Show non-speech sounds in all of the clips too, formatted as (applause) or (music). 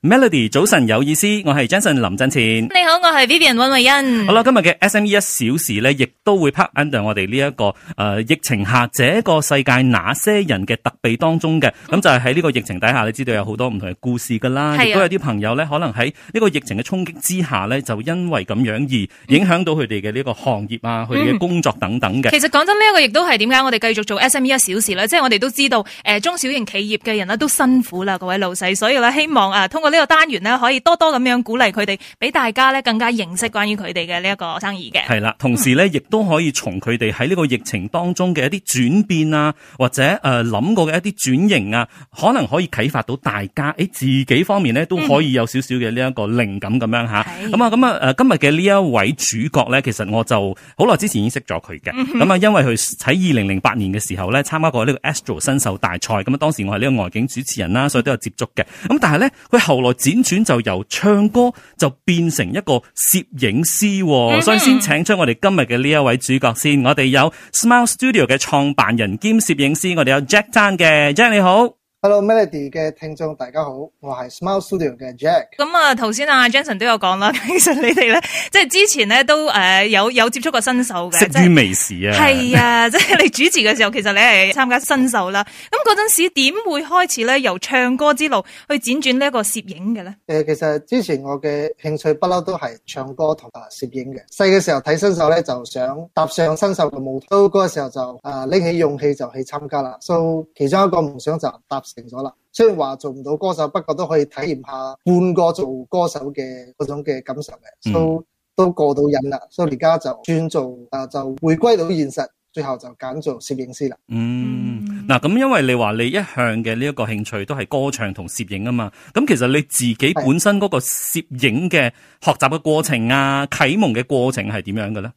Melody，早晨有意思，我係 Jason 林振前。你好，我係 Vivian 溫慧欣。好啦，今日嘅 SME 一小時呢，亦都會 pack under 我哋呢一個誒、呃、疫情下，這一個世界哪些人嘅特備當中嘅？咁、嗯、就係喺呢個疫情底下，你知道有好多唔同嘅故事噶啦，亦、啊、都有啲朋友呢，可能喺呢個疫情嘅衝擊之下呢，就因為咁樣而影響到佢哋嘅呢個行業啊，佢哋嘅工作等等嘅。其實講真，呢、這、一個亦都係點解我哋繼續做 SME 一小時呢？即、就、係、是、我哋都知道誒、呃，中小型企業嘅人呢都辛苦啦，各位老細，所以咧希望啊，通過呢個單元咧，可以多多咁樣鼓勵佢哋，俾大家咧更加認識關於佢哋嘅呢一個生意嘅。係啦、嗯，同時咧，亦都可以從佢哋喺呢個疫情當中嘅一啲轉變啊，或者誒諗過嘅一啲轉型啊，可能可以啟發到大家，誒自己方面咧都可以有少少嘅呢一個靈感咁樣吓，咁啊、嗯，咁啊、嗯，誒、嗯、今日嘅呢一位主角咧，其實我就好耐之前已經識咗佢嘅。咁啊，因為佢喺二零零八年嘅時候咧，參加過呢個 Astro 新秀大賽，咁啊，當時我係呢個外景主持人啦，所以都有接觸嘅。咁但係咧，佢後後來輾轉就由唱歌就變成一個攝影師啊，mm hmm. 所以先請出我哋今日嘅呢一位主角先。我哋有 Smile Studio 嘅創辦人兼攝影師，我哋有 Jack Tan 嘅 Jack，你好。Hello Melody 嘅聽眾，大家好，我係 Smile Studio 嘅 Jack。咁啊，頭先啊，Jason 都有講啦。其實你哋咧，即係之前咧都誒、呃、有有接觸過新秀嘅，悉 即係微時啊，係啊， (laughs) 即係你主持嘅時候，其實你係參加新秀啦。咁嗰陣時點會開始咧由唱歌之路去輾轉呢一個攝影嘅咧？誒、呃，其實之前我嘅興趣不嬲都係唱歌同埋攝影嘅。細嘅時候睇新秀咧，就想踏上新秀嘅舞台嗰個時候就誒拎、啊、起勇氣就去參加啦。所、so, 以其中一個夢想就搭。成咗啦，雖然話做唔到歌手，不過都可以體驗下半個做歌手嘅嗰種嘅感受嘅，都、嗯、都過到癮啦，所以而家就轉做，誒就回歸到現實，最後就揀做攝影師啦。嗯，嗱咁，因為你話你一向嘅呢一個興趣都係歌唱同攝影啊嘛，咁其實你自己本身嗰個攝影嘅學習嘅過程啊，啟蒙嘅過程係點樣嘅咧？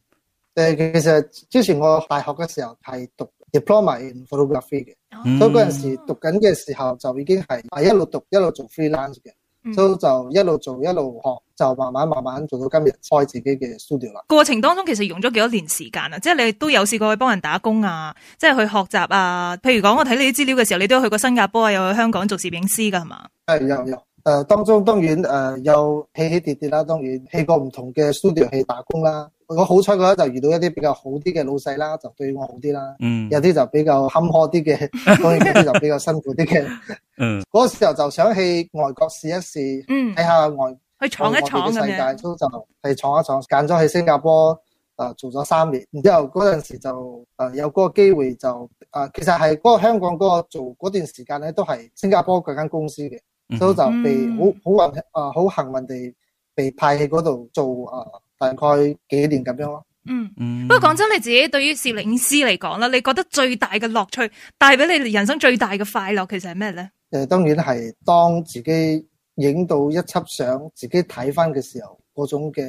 誒、呃，其實之前我大學嘅時候係讀 diploma in photography 嘅，啊、所以嗰陣時讀緊嘅時候就已經係一路讀一路做 freelance 嘅，嗯、所以就一路做一路學，就慢慢慢慢做到今日開自己嘅 studio 啦。過程當中其實用咗幾多年時間啊？即係你都有試過去幫人打工啊，即係去學習啊。譬如講我睇你啲資料嘅時候，你都有去過新加坡啊，有去香港做攝影師噶係嘛？係有有，誒當中當然誒有起起跌跌啦，當然去過唔同嘅 studio 去打工啦。我好彩，嗰日就遇到一啲比較好啲嘅老細啦，就對我好啲啦。嗯、有啲就比較坎坷啲嘅，所以啲就比較辛苦啲嘅。嗰個、嗯、 (laughs) 時候就想去外國試一試，睇下外、嗯、外邊嘅世界，都就係闖一闖。揀咗去，去新加坡啊、呃，做咗三年。然之後嗰陣時就啊、呃，有嗰個機會就啊、呃，其實係嗰香港嗰個做嗰段時間咧，都係新加坡嗰間公司嘅，嗯、所以就被好，好好運啊，好幸運地被派去嗰度做啊。呃大概幾年咁樣咯。嗯，不過講真，你自己對於攝影師嚟講啦，你覺得最大嘅樂趣，帶俾你人生最大嘅快樂，其實係咩咧？誒，當然係當自己影到一輯相，自己睇翻嘅時候，嗰種嘅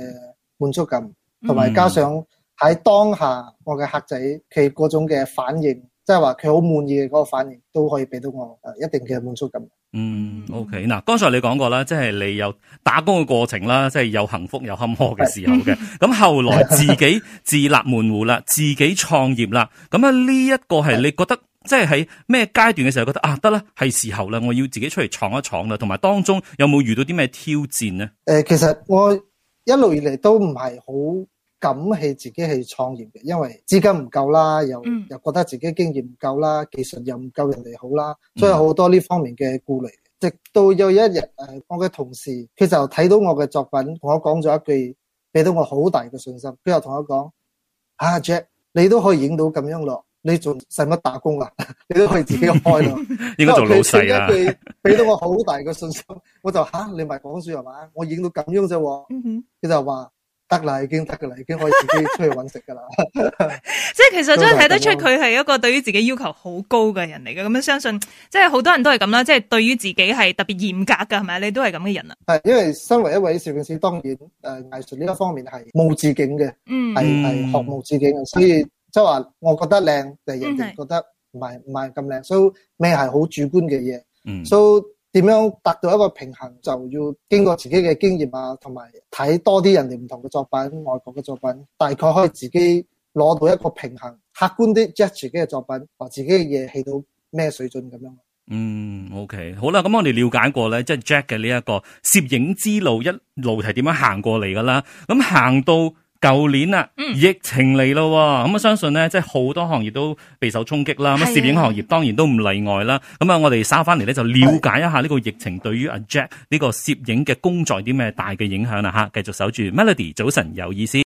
滿足感，同埋加上喺當下我嘅客仔，佢嗰種嘅反應。嗯。即係話佢好滿意嘅嗰個反應，都可以俾到我誒一定嘅滿足感。嗯，OK，嗱，剛才你講過啦，即係你有打工嘅過程啦，即係有幸福有坎坷嘅時候嘅。咁是後來自己自立門戶啦， (laughs) 自己創業啦。咁啊呢一個係你覺得是即係喺咩階段嘅時候覺得啊得啦，係時候啦，我要自己出嚟闖一闖啦。同埋當中有冇遇到啲咩挑戰咧？誒，其實我一路以嚟都唔係好。咁係自己係創業嘅，因為資金唔夠啦，又、嗯、又覺得自己經驗唔夠啦，技術又唔夠人哋好啦，所以好多呢方面嘅顧慮。嗯、直到有一日，我嘅同事佢就睇到我嘅作品，同我講咗一句，俾到我好大嘅信心。佢又同我講，啊 Jack，你都可以影到咁樣咯，你仲使乜打工啊？ (laughs) 你都可以自己開咯。 (laughs) 應該做老細啊！佢前一句俾到我好大嘅信心，我就嚇、啊、你唔係講笑係嘛？我影到咁樣啫喎。佢、嗯、哼就話。得啦，已經得噶啦，已經可以自己出去 (laughs) 搵食噶啦。即係 (laughs) (laughs) 其實真係睇得出佢係一個對於自己要求好高嘅人嚟嘅，咁樣相信，即係好多人都係咁啦，即係對於自己係特別嚴格嘅，係咪你都係咁嘅人啊？係因為身為一位攝影師，當然誒、呃，藝術呢一方面係冇止境嘅，嗯，係係學無止境嘅，所以即係話，我覺得靚，但係人哋覺得唔係唔係咁靚，所以咩係好主觀嘅嘢，嗯。So, 點樣達到一個平衡，就要經過自己嘅經驗啊，同埋睇多啲人哋唔同嘅作品，外國嘅作品，大概可以自己攞到一個平衡，客觀啲，Jack 自己嘅作品，話自己嘅嘢起到咩水準咁樣。嗯，OK，好啦，咁我哋了解過咧，即係 Jack 嘅呢一個攝影之路一路係點樣行過嚟噶啦，咁行到。舊年啊，嗯、疫情嚟咯、啊，咁、嗯、啊、嗯、相信呢即係好多行業都備受衝擊啦。咁攝影行業當然都唔例外啦。咁、嗯、啊、嗯，我哋稍翻嚟呢就了解一下呢個疫情對於阿 Jack 呢個攝影嘅工作有啲咩大嘅影響啦、啊、吓、啊。繼續守住 Melody，早晨有意思。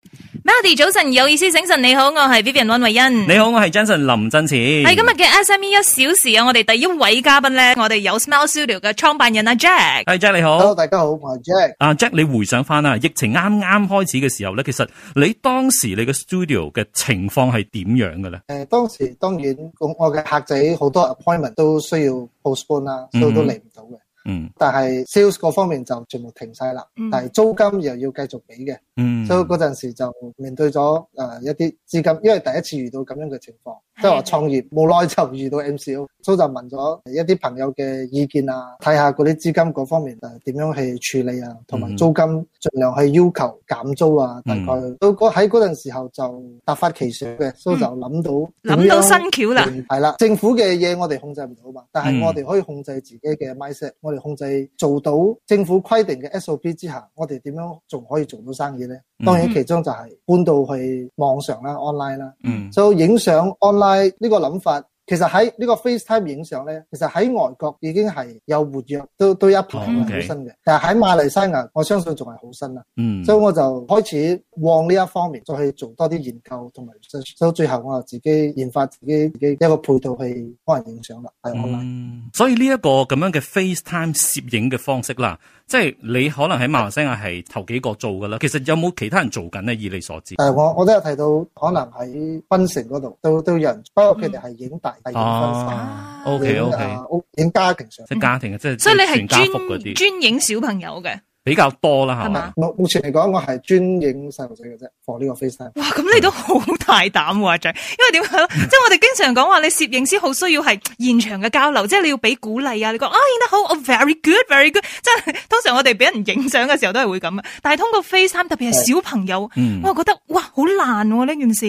Melody，早晨有意思。醒神你好，我係 Vivian 溫慧欣。你好，我係 Jason 林振前。喺今日嘅 SME 一小時啊，我哋第一位嘉賓呢，我哋有 Smile Studio 嘅創辦人阿 Jack。係、哎、Jack 你好。好，大家好，我係 Jack。阿、uh, Jack，你回想翻啊，疫情啱啱開始嘅時候呢，其實。你當時你嘅 studio 嘅情況係點樣嘅咧？誒、呃、當時當然，我我嘅客仔好多 appointment 都需要 postpone 啦，嗯、所以都嚟唔到嘅。嗯。但係 sales 嗰方面就全部停晒啦。嗯、但係租金又要繼續俾嘅。嗯。所以嗰陣時就面對咗、呃、一啲資金，因為第一次遇到咁樣嘅情況，即係話創業無奈的就遇到 MCO。所以就問咗一啲朋友嘅意見啊，睇下嗰啲資金嗰方面啊點樣去處理啊，同埋租金盡量去要求減租啊。嗯、大概到嗰喺嗰陣時候就突發奇想嘅，就諗到諗到新橋啦，係啦，政府嘅嘢我哋控制唔到嘛，但係我哋可以控制自己嘅 mindset、嗯、我哋控制做到政府規定嘅 SOP 之下，我哋點樣仲可以做到生意咧？嗯、當然其中就係搬到去網上啦，online 啦，就影相 online 呢個諗法。其實喺呢個 FaceTime 影相咧，其實喺外國已經係有活躍，都都有一批好新嘅。Okay. 但係喺馬來西亞，我相信仲係好新啦。嗯，所以我就開始往呢一方面再去做多啲研究同埋，所以最後我就自己研發自己自己一個配套去幫人影相啦。嗯，所以呢、這、一個咁樣嘅 FaceTime 攝影嘅方式啦，即係你可能喺馬來西亞係頭幾個做㗎啦。其實有冇其他人做緊呢？以你所知，誒，我我都有提到，可能喺檳城嗰度都都有人，不過佢哋係影大、嗯。哦、啊啊、OK OK，影家庭上，嗯、哼即家庭，即係所以你係專影嗰啲專影小朋友嘅比較多啦，係嘛吧？是吧目前嚟講，我係專影細路仔嘅啫，放呢個 face time 哇，咁你都好大膽喎，阿仔，因為點樣？嗯、即係我哋經常講話，你攝影師好需要係現場嘅交流，即係你要俾鼓勵啊，你講啊影得好，我、oh, very good，very good，, very good 即係。通常我哋俾人影相嘅時候都係會咁啊，但係通過 face time 特別係小朋友，嗯、我又覺得哇好難呢件事、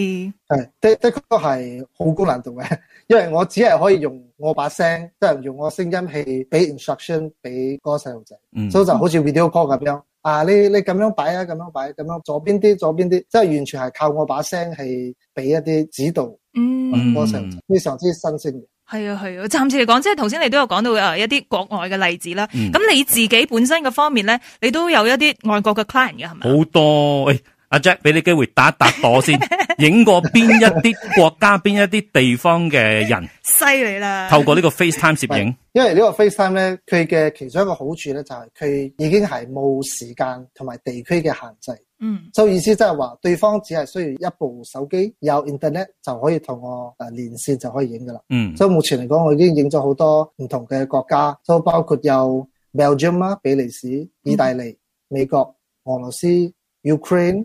啊。係的的確係好高難度嘅。因為我只係可以用我把聲，即係用我聲音去俾 instruction 俾嗰個細路仔，所以、嗯、就好似 video call 咁樣，啊你你咁樣擺啊，咁樣擺，咁樣左邊啲，左邊啲，即係完全係靠我把聲係俾一啲指導，嗯，個細路非常之新鮮嘅。係啊係啊，暫時嚟講，即係頭先你都有講到一啲國外嘅例子啦。咁、嗯、你自己本身嘅方面咧，你都有一啲外國嘅 client 嘅係咪？好多。哎阿 Jack 俾你機會打一打，打，躲先，影 (laughs) 過邊一啲國家、邊 (laughs) 一啲地方嘅人，犀利啦！透過呢個 FaceTime 攝影，因為呢個 FaceTime 咧，佢嘅其中一個好處咧，就係佢已經係冇時間同埋地區嘅限制。嗯，所以意思即係話，對方只係需要一部手機有 Internet 就可以同我誒連線就可以影噶啦。嗯，所以目前嚟講，我已經影咗好多唔同嘅國家，都包括有 Belgium 啦、比利時、嗯、意大利、美國、俄羅斯、Ukraine。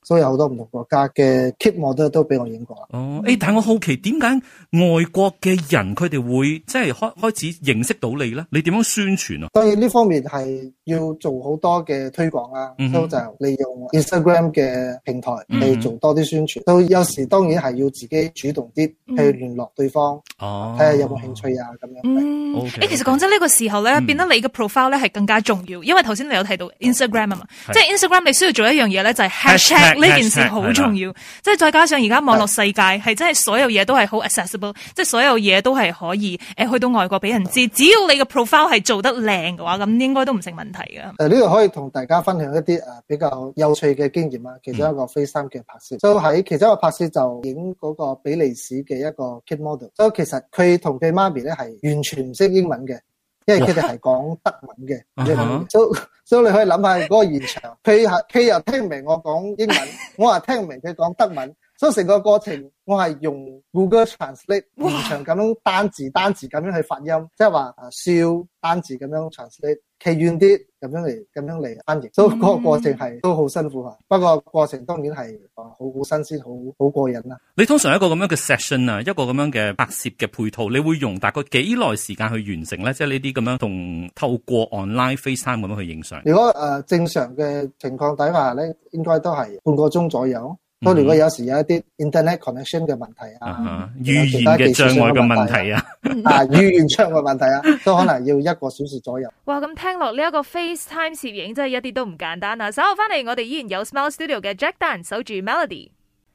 所以有好多唔同國家嘅 keep 我都都俾我影過啦。哦，誒、欸，但係我好奇點解外國嘅人佢哋會即係開開始認識到你咧？你點樣宣傳啊？當然呢方面係要做好多嘅推廣啦，啊、都、嗯、就利用 Instagram 嘅平台嚟做多啲宣傳。到、嗯、有時當然係要自己主動啲去聯絡對方，睇下、嗯哦、有冇興趣啊咁樣。誒、嗯 okay, okay. 欸，其實講真呢、這個時候咧，嗯、變得你嘅 profile 咧係更加重要，因為頭先你有提到 Instagram 啊嘛，即係 Instagram 你需要做一樣嘢咧，就係、是、hashtag。呢件事好重要，即係的再加上而家網絡世界係的真係所有嘢都係好 accessible，即係的所有嘢都係可以誒、呃、去到外國俾人知，的只要你個 profile 係做得靚嘅話，咁應該都唔成問題嘅。誒、呃，呢度可以同大家分享一啲誒、呃、比較有趣嘅經驗啊，其中一個 FaceTime 嘅拍攝。就、嗯、以喺其中一個拍攝就影嗰個比利時嘅一個 kid model，即其實佢同佢媽咪咧係完全唔識英文嘅。因為佢哋係講德文嘅，uh huh. 所以所以你可以諗下嗰個現場，佢佢又聽唔明我講英文，我又聽唔明佢講德文，所以成個過程我係用 Google Translate 現場咁樣單字、uh huh. 單字咁樣去發音，即係話啊笑單字咁樣 translate。企遠啲咁樣嚟，咁樣嚟安型，所以嗰個過程係都好辛苦啊。不過過程當然係，誒，好好新鮮，好好過癮啦。你通常一個咁樣嘅 session 啊，一個咁樣嘅拍攝嘅配套，你會用大概幾耐時間去完成咧？即係呢啲咁樣同透過 online face time 咁樣去影相。如果誒、呃、正常嘅情況底下咧，應該都係半個鐘左右。咁如果有時有一啲 internet connection 嘅問題啊，語、啊、言嘅障礙嘅問題啊，啊語言障礙問題啊，都、 (laughs) 啊啊、可能要一個小時左右。 (laughs) 哇！咁聽落呢一個 FaceTime 攝影真係一啲都唔簡單啊！稍後翻嚟，我哋依然有 Smile Studio 嘅 Jack Dan 守住 Melody。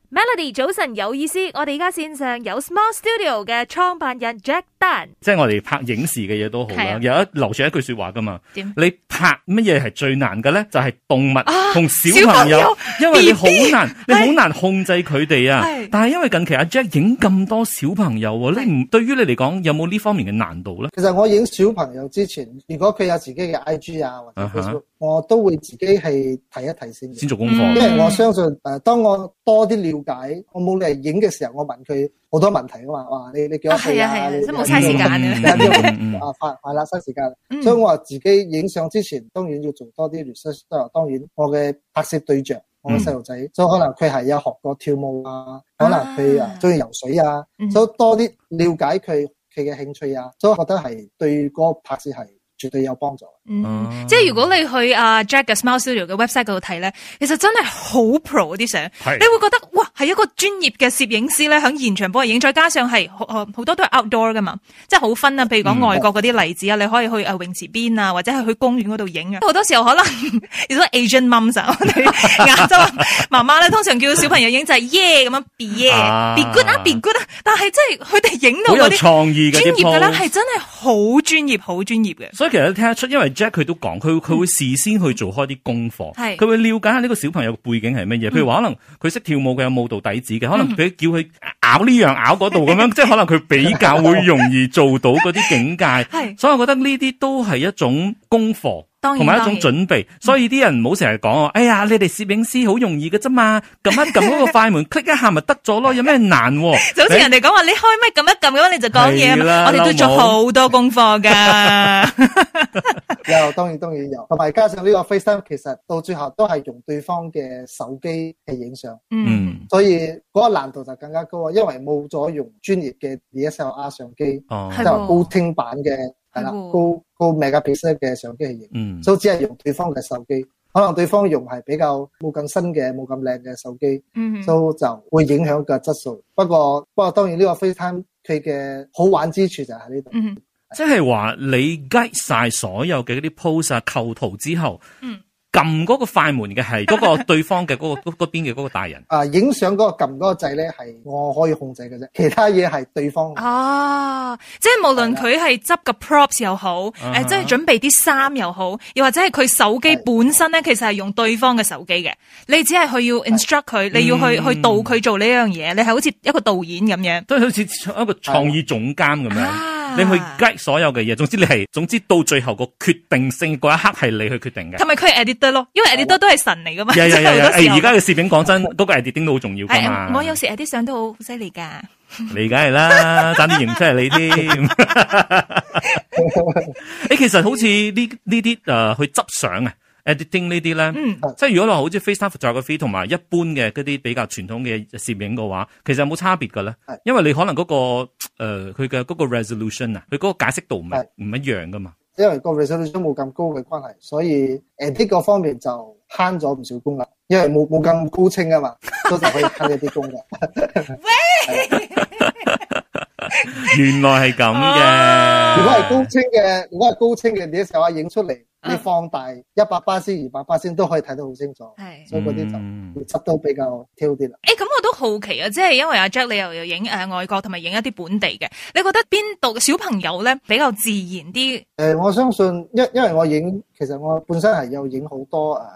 Melody 早晨有意思，我哋而家線上有 Small Studio 嘅創辦人 Jack Dunn，即係我哋拍影視嘅嘢都好啦，的有一留住一句說話㗎嘛，的你拍乜嘢係最難嘅咧？就係、是、動物同、啊、小朋友，朋友因為你好難 BB 你好難控制佢哋啊。是的但係因為近期阿、啊、Jack 影咁多小朋友、啊，的你唔對於你嚟講有冇呢方面嘅難度咧？其實我影小朋友之前，如果佢有自己嘅 IG 啊，或者我都會自己係睇一睇先，先做功課。因為我相信，誒，當我多啲了解，我冇嚟影嘅時候，我問佢好多問題噶嘛。話，你你幾多歲啊？你真冇嘥時間啊快快啦，嘥、嗯嗯嗯嗯嗯、時間。嗯、所以我話自己影相之前，當然要做多啲 research。當然，我嘅拍攝對象，我嘅細路仔，嗯、所以可能佢係有學過跳舞啊，可能佢啊中意游水啊，啊所以多啲了解佢佢嘅興趣啊，所以我覺得係對個拍攝係。絕對有幫助。嗯，嗯，即係如果你去啊、uh, Jack Smile Studio 嘅 website 度睇咧，其實真係好 pro 啲相，是你會覺得哇！係一個專業嘅攝影師咧，響現場幫佢影，再加上係，好多都係 outdoor 噶嘛，即係好 fun 啊。譬如講外國嗰啲例子啊，你可以去誒泳池邊啊，或者係去公園嗰度影啊。好多時候可能，如果 Asian mums 哋亞洲媽媽咧， (laughs) 通常叫小朋友影就係耶咁樣，be yeah，be、ah, good 啊，be good 啊。但係即係佢哋影到嗰啲專業嘅咧，係真係好專業，好專業嘅。所以其實都聽得出，因為 Jack 佢都講，佢佢會事先去做開啲功課，佢、嗯、會了解下呢個小朋友嘅背景係乜嘢。嗯、譬如話可能佢識跳舞嘅有冇？到底子嘅，可能佢叫佢咬呢樣咬嗰度咁樣， (laughs) 即係可能佢比較會容易做到嗰啲境界， (laughs) 所以我覺得呢啲都係一種功課。同埋一種準備，所以啲人唔好成日講哎呀，你哋攝影師好容易嘅啫嘛，撳一撳嗰個快門，click (laughs) 一下咪得咗咯，有咩難，啊？好似 (laughs) 人哋講話你開咪撳一撳咁，你就講嘢的我哋都做好多功課噶 (laughs) 有當然當然有，同埋加上呢個 FaceTime 其實到最後都係用對方嘅手機去影相。嗯，所以嗰個難度就更加高，因為冇咗用專業嘅 DSLR 相機，哦、就係高清版嘅。係啦，高高咩嘅比 e 嘅相機嚟影，嗯、所以只係用對方嘅手機，可能對方用係比較冇咁新嘅、冇咁靚嘅手機，嗯、哼就會影響個質素。不過不過當然呢個 FaceTime 佢嘅好玩之處就喺呢度，即係話你 get 晒所有嘅啲 pose 構圖之後。嗯撳嗰個快門嘅係嗰個對方嘅嗰，嗰個嗰邊嘅嗰個大人。啊，影相嗰個撳嗰個掣咧係我可以控制嘅啫，其他嘢係對方。啊，即係無論佢係執個 props 又好，誒，啊，即係準備啲衫，又好，又或者係佢手機本身咧，其實係用對方嘅手機嘅。你只係去要 instruct 佢，的你要去去導佢做呢樣嘢，嗯、你係好似一個導演咁樣，都係好似一個創意總監咁樣。啊你去 guide 所有嘅嘢，總之你係，總之到最後個決定性嗰一刻係你去決定嘅。同埋佢 editor 咯，因為 editor 都係神嚟噶嘛。係係係係，而家嘅攝影講真，嗰 (laughs) 個 editor 都好重要噶嘛，哎。我有時 editor 啲相都好犀利噶。 (laughs) 你梗係啦，等啲影出嚟你添。誒 (laughs) (laughs) 其實好似呢呢啲誒去執相啊。editing，呢啲咧，即係如果你話好似 FaceTime 複雜嘅 Face 同埋一般嘅嗰啲比較傳統嘅攝影嘅話，其實有冇差別嘅咧？因為你可能嗰個誒佢嘅嗰個 resolution 啊，佢嗰個解釋度唔係唔一樣㗎嘛。因為個 resolution 冇咁高嘅關係，所以 edit 個方面就慳咗唔少功能，因為冇冇咁高清啊嘛，都係可以慳一啲功能。原來係咁嘅。如果係高清嘅，如果係高清嘅，你嘅相影出嚟。你放大一百倍先，二百倍先都可以睇得好清楚，係是，所以嗰啲就會執、嗯、都比較挑啲啦。誒，欸，咁我都好奇啊，即係因為阿 Jack 你又有影誒外國同埋影一啲本地嘅，你覺得邊度嘅小朋友咧比較自然啲？誒，呃，我相信，因因為我影，其實我本身係有影好多誒，啊、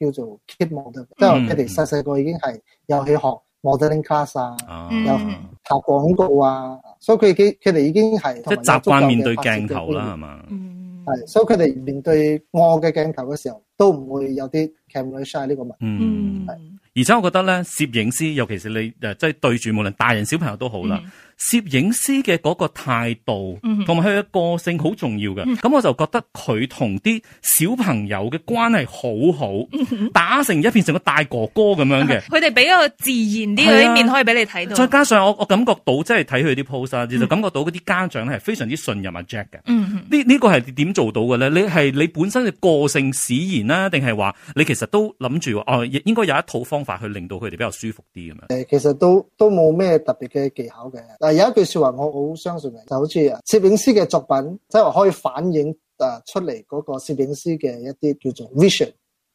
叫做 kid model，即係佢哋細細個已經係有去學 modeling class 啊，啊有拍廣告啊，所以佢哋佢哋已經係習慣面對鏡頭啦，係嘛，啊？嗯係，所以佢哋面對我嘅鏡頭嘅時候，都唔會有啲 camera shy 呢個問題。嗯，係，而且我覺得咧，攝影師，尤其是你對，即係對住無論大人小朋友都好啦。嗯攝影師嘅嗰個態度，同埋佢嘅個性好重要嘅。咁、嗯、哼我就覺得佢同啲小朋友嘅關係好好，嗯、哼打成一片，成個大哥哥咁樣嘅。佢哋比較自然啲嘅一、啊、面可以俾你睇到。再加上我，我感覺到即係睇佢啲 pose，就感覺到嗰啲家長咧係非常之信任阿 Jack 嘅。嗯哼，呢呢、呢個係點做到嘅咧？你係你本身嘅個性使然啦、啊，定係話你其實都諗住哦，應該有一套方法去令到佢哋比較舒服啲咁樣。誒，其實都都冇咩特別嘅技巧嘅。有一句說話我好相信嘅，就好似啊攝影師嘅作品，即係話可以反映誒、呃、出嚟嗰個攝影師嘅一啲叫做 vision，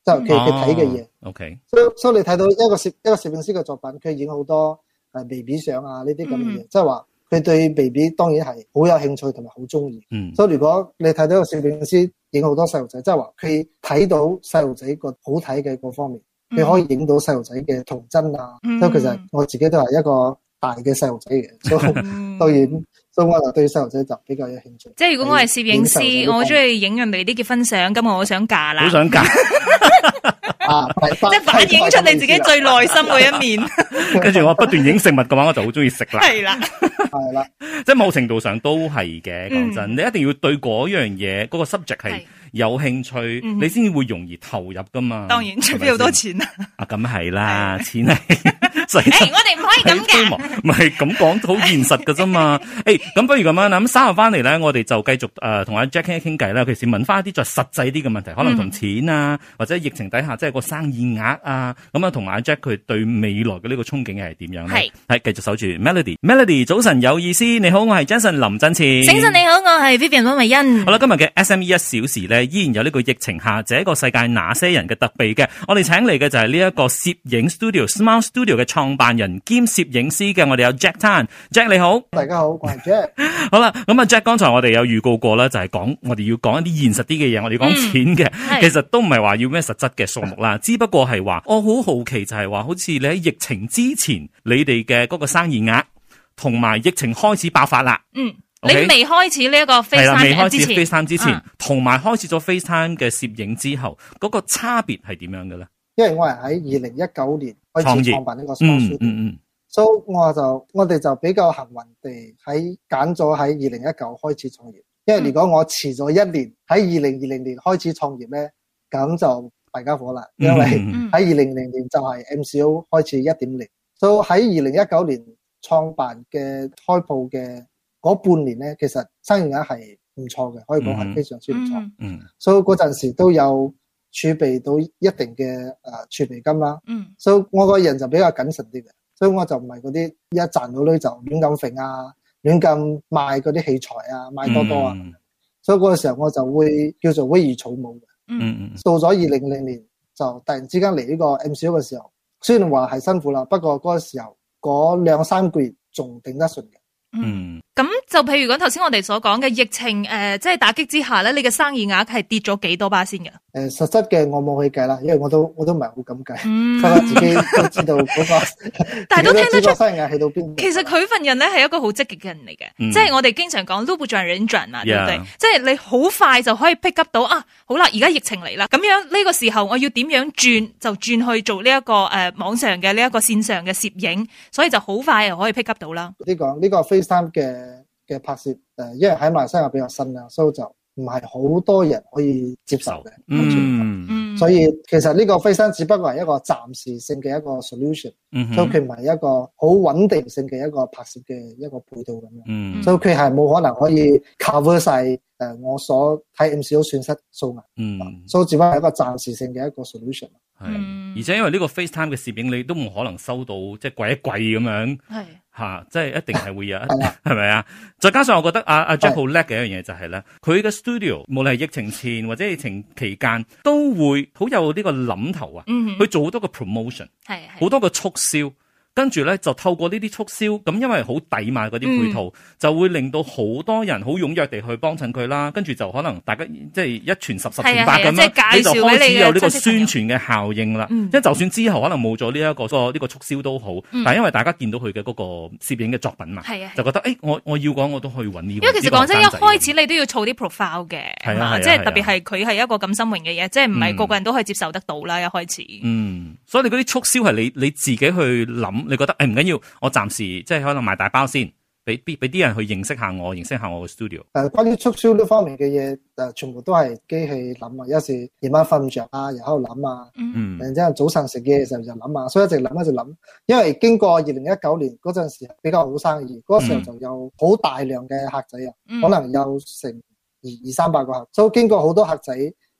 即係佢佢睇嘅嘢。啊、o okay . K，所以所以你睇到一個攝一個攝影師嘅作品，佢影好多誒 BB、呃、相啊呢啲咁嘅嘢，即係話佢對 BB 當然係好有興趣同埋好中意。嗯，所以如果你睇到一個攝影師影、就是、好多細路仔，即係話佢睇到細路仔個好睇嘅嗰方面，佢、嗯、可以影到細路仔嘅童真啊。嗯，所以其實我自己都係一個。大嘅細路仔嘅，所當然，所以對細路仔就比較有興趣。即係如果我係攝影師，我好中意影人哋啲結婚相，咁我好想嫁啦。好想嫁，即係反映出你自己最內心嘅一面。跟住我不斷影食物嘅話，我就好中意食啦。係啦，係啦，即係某程度上都係嘅。講真，你一定要對嗰樣嘢，嗰個 subject 係有興趣，你先至會容易投入噶嘛。當然，出邊好多錢啊？啊，咁係啦，錢係誒、哎，我哋唔可以咁嘅， (laughs) 唔係咁講好現實嘅啫嘛。誒、 (laughs) 哎，咁不如咁樣啦，三號翻嚟咧，我哋就繼續誒同阿 Jack 傾一傾偈啦。呃、聊聊尤其是問翻一啲再實際啲嘅問題，可能同錢啊，或者疫情底下即係個生意額啊，咁啊，同阿 Jack 佢對未來嘅呢個憧憬係點樣咧？係是，係、哎、繼續守住 Melody，Melody，Mel 早晨有意思，你好，我係 Jason 林振前。先生你好，我係 Vivian 温慧欣、嗯。好啦，今日嘅 SME 一小時咧，依然有呢個疫情下，整個世界哪些人嘅特備嘅？我哋請嚟嘅就係呢一個攝影 studio, Sm studio Smile Studio 嘅創。創辦人兼攝影師嘅，我哋有 Jack Tan，Jack 你好，大家好，我係 Jack。 (laughs) 好啦，咁啊，Jack，剛才我哋有預告過啦，就係、是、講我哋要講一啲現實啲嘅嘢，我哋要講錢嘅，嗯、其實都唔係話要咩實質嘅數目啦，的只不過係話，我好好奇就係話，好似你喺疫情之前，你哋嘅嗰個生意額，同埋疫情開始爆發啦，嗯，okay? 你未開始呢一個 face time 之前，同埋開始咗 face time 嘅攝、啊、影之後，嗰、那個差別係點樣嘅咧？因為我係喺二零一九年開始創辦呢個公司，嗯嗯嗯，所以我就我哋就比較幸運地喺揀咗喺二零一九開始創業，因為如果我遲咗一年喺二零二零年開始創業咧，咁就弊家伙啦。因為喺二零零年就係 MCO 開始一點零，所以喺二零一九年創辦嘅開鋪嘅嗰半年咧，其實生意額係唔錯嘅，可以講係非常之唔錯。嗯，所以嗰陣時都有。儲備到一定嘅誒儲備金啦、啊，嗯，所以我個人就比較謹慎啲嘅，所以我就唔係嗰啲一賺到咧就亂咁揈啊，亂咁賣嗰啲器材啊，賣多多啊，嗯、所以嗰個時候我就會叫做威如草莽嘅，嗯，到咗二零零年就突然之間嚟呢個 M 小嘅時候，雖然話係辛苦啦，不過嗰個時候嗰兩三個月仲定得順嘅，嗯，咁就譬如講頭先我哋所講嘅疫情誒，即、呃、係、就是、打擊之下咧，你嘅生意額係跌咗幾多巴先嘅？誒、呃，實質嘅我冇去計啦，因為我都我都唔係好噉計，睇下、嗯、自己都知道、那個、 (laughs) 但係都聽得出西牙去到邊。其實佢份人咧係一個好積極嘅人嚟嘅，即係、嗯、我哋經常講 loop around round 啊，即係、嗯、你好快就可以 pick up 到啊！好啦，而家疫情嚟啦，咁樣呢、這個時候我要點樣轉就轉去做呢、這、一個誒、呃、網上嘅呢一個線上嘅攝影，所以就好快就可以 pick up 到啦。呢、這個呢、這個 face time 嘅嘅拍攝誒、呃，因為喺馬來西亞比較新啦，所以就。唔係好多人可以接受嘅，嗯嗯，所以其實呢個 FaceTime 只不過係一個暫時性嘅一個 solution，嗯哼，所以佢唔係一個好穩定性嘅一個拍攝嘅一個配套咁樣，嗯，所以佢係冇可能可以 cover 晒誒我所睇 MCO 損失數額，嗯，所以只不過係一個暫時性嘅一個 solution，係，而且因為呢個 FaceTime 嘅攝影你都唔可能收到即係貴一貴咁樣，係。嚇、啊！即係一定係會有，係咪 (laughs) 啊？再加上我覺得阿、啊、阿、 (laughs) 啊、Jack 好叻嘅一樣嘢就係、是、咧，佢嘅、oh. studio 無論係疫情前或者疫情期間，都會好有呢個諗頭啊！嗯、mm，hmm. 去做好多個 promotion，係係好 (laughs) 多個促銷。 (laughs) 跟住咧就透過呢啲促銷，咁因為好抵買嗰啲配套，就會令到好多人好踴躍地去幫襯佢啦。跟住就可能大家即係一傳十十傳百咁樣，你就開始有呢個宣傳嘅效應啦。因為就算之後可能冇咗呢一個呢個促銷都好，但因為大家見到佢嘅嗰個攝影嘅作品嘛，就覺得誒，我我要講我都去揾呢個。因為其實講真，一開始你都要做啲 profile 嘅，係啊即係特別係佢係一個咁新穎嘅嘢，即係唔係個個人都可以接受得到啦一開始。嗯，所以你嗰啲促銷係你你自己去諗。你覺得誒唔緊要，我暫時即係可能買大包先，俾俾啲人去認識下我，認識下我個 studio。誒，關於促銷呢方面嘅嘢，呃，全部都係機器諗啊，有時夜晚瞓唔着啊，又喺度諗啊，嗯，然之後早上食嘢嘅時候就諗啊，所以一直諗一直諗。因為經過二零一九年嗰陣時比較好生意，嗰時候就有好大量嘅客仔啊，嗯，可能有成二二三百個客。所以經過好多客仔，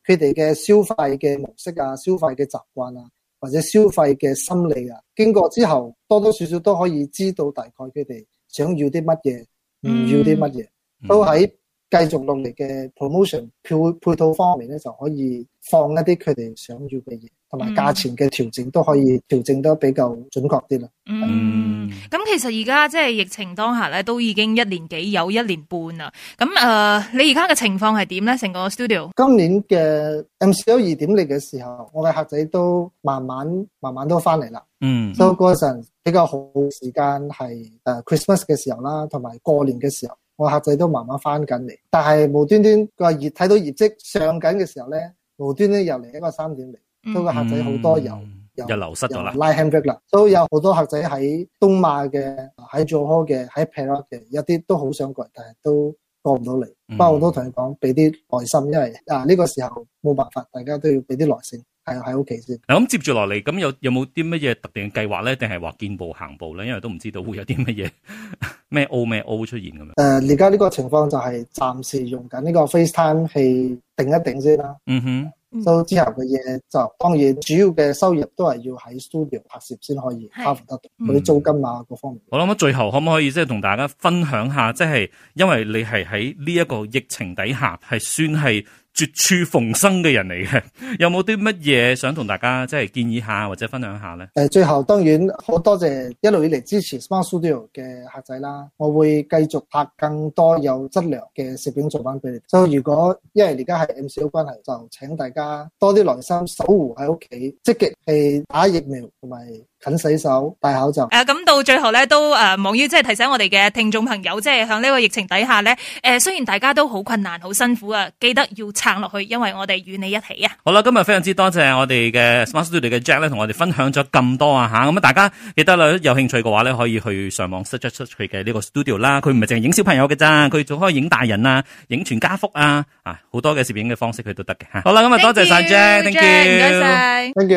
佢哋嘅消費嘅模式啊，消費嘅習慣啊。或者消費嘅心理啊，經過之後多多少少都可以知道大概佢哋想要啲乜嘢，唔、嗯、要啲乜嘢，都係。繼續落嚟嘅 promotion 配套方面咧，就可以放一啲佢哋想要嘅嘢，同埋價錢嘅調整都可以調整得比較準確啲啦。嗯，咁其實而家即係疫情當下咧，都已經一年幾有一年半啦。咁誒、呃，你而家嘅情況係點咧？成個 studio 今年嘅 MCO 二點零嘅時候，我嘅客仔都慢慢慢慢都翻嚟啦。嗯，so 嗰陣比較好時間係誒 Christmas 嘅時候啦，同埋過年嘅時候。我客仔都慢慢翻緊嚟，但係無端端個話睇到業績上緊嘅時候咧，無端端又嚟一個三點零，都個、嗯、客仔好多有、嗯、有又流失咗啦，拉 handback 啦，都有好多客仔喺東馬嘅，喺做開嘅，喺 Perak 嘅，有啲都好想過嚟，但係都過唔到嚟，不過、嗯、我都同你講，俾啲耐心，因為啊呢個時候冇辦法，大家都要俾啲耐性。係喺屋企先。嗱、咁、嗯、接住落嚟，咁有有冇啲乜嘢特定嘅計劃咧？定係話見步行步咧？因為都唔知道會有啲乜嘢咩 O 咩 O 出現咁樣。誒、呃，而家呢個情況就係暫時用緊呢個 FaceTime 去定一定先啦、啊。嗯哼，收之後嘅嘢就當然主要嘅收入都係要喺 studio 拍攝先可以 cover 是得到嗰啲租金啊各、嗯、方面。我諗，咁最後可唔可以即係同大家分享下，即、就、係、是、因為你係喺呢一個疫情底下，係算係，絕處逢生嘅人嚟嘅，有冇啲乜嘢想同大家即係建議下或者分享下咧？誒，最後當然好多謝一路以嚟支持 Smart Studio 嘅客仔啦，我會繼續拍更多有質量嘅攝影作品俾你。就如果因為而家係 MCO 關係，就請大家多啲耐心守護喺屋企，積極去打疫苗同埋，勤洗手，戴口罩。誒、啊，咁到最後咧都誒，忙於即係提醒我哋嘅聽眾朋友，即係向呢個疫情底下咧，誒、啊，雖然大家都好困難、好辛苦啊，記得要撐落去，因為我哋與你一起啊。好啦，今日非常之多謝我哋嘅 Smart Studio 嘅 Jack 咧，同我哋分享咗咁多啊吓，咁啊大家記得啦，有興趣嘅話咧，可以去上網 search 出佢嘅呢個 studio 啦。佢唔係淨係影小朋友嘅咋，佢仲可以影大人啊、影全家福啊，啊，好多嘅攝影嘅方式佢都得嘅、啊。好啦，今日多謝晒 Jack，thank you，唔該晒，thank you。